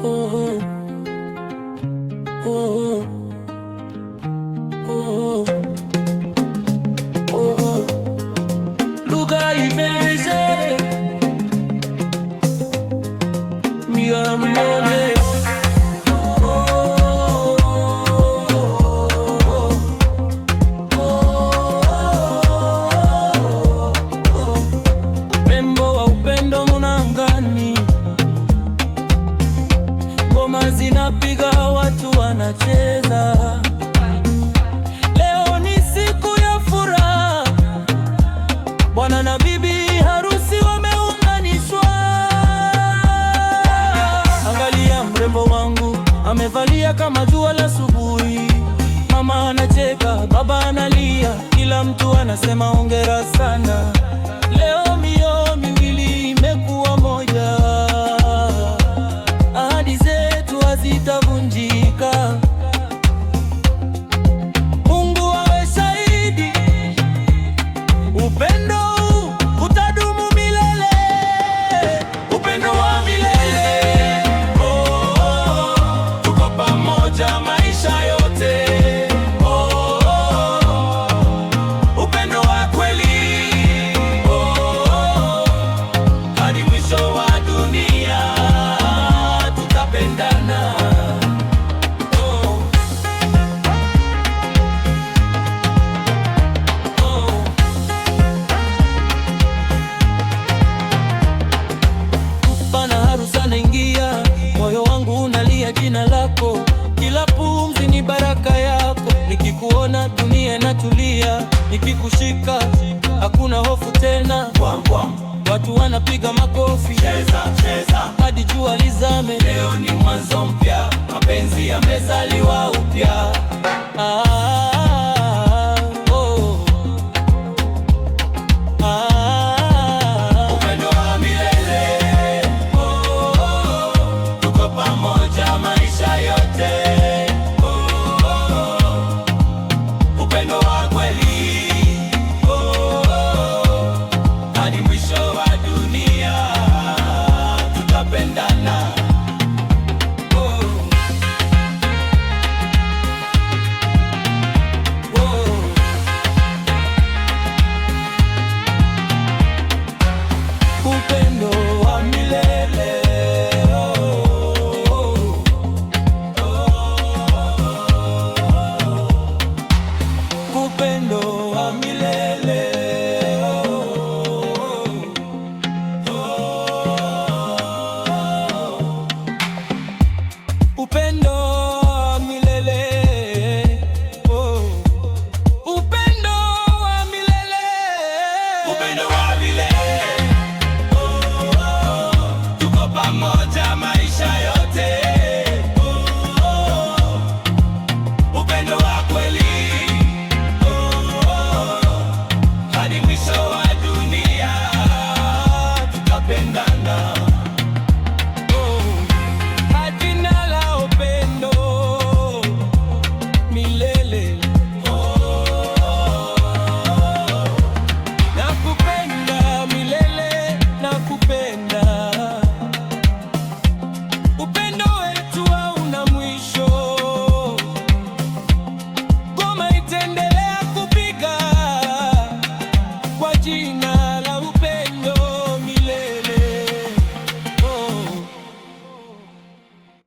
Oh. oh Nalia kama jua la asubuhi, mama anacheka, baba analia, kila mtu anasema hongera sana leo unaingia, moyo wangu unalia jina lako, kila pumzi ni baraka yako. Nikikuona dunia inatulia, nikikushika hakuna hofu tena. Watu wanapiga makofi, cheza cheza hadi jua lizame. Leo ni mwanzo mpya, mapenzi yameza চিনা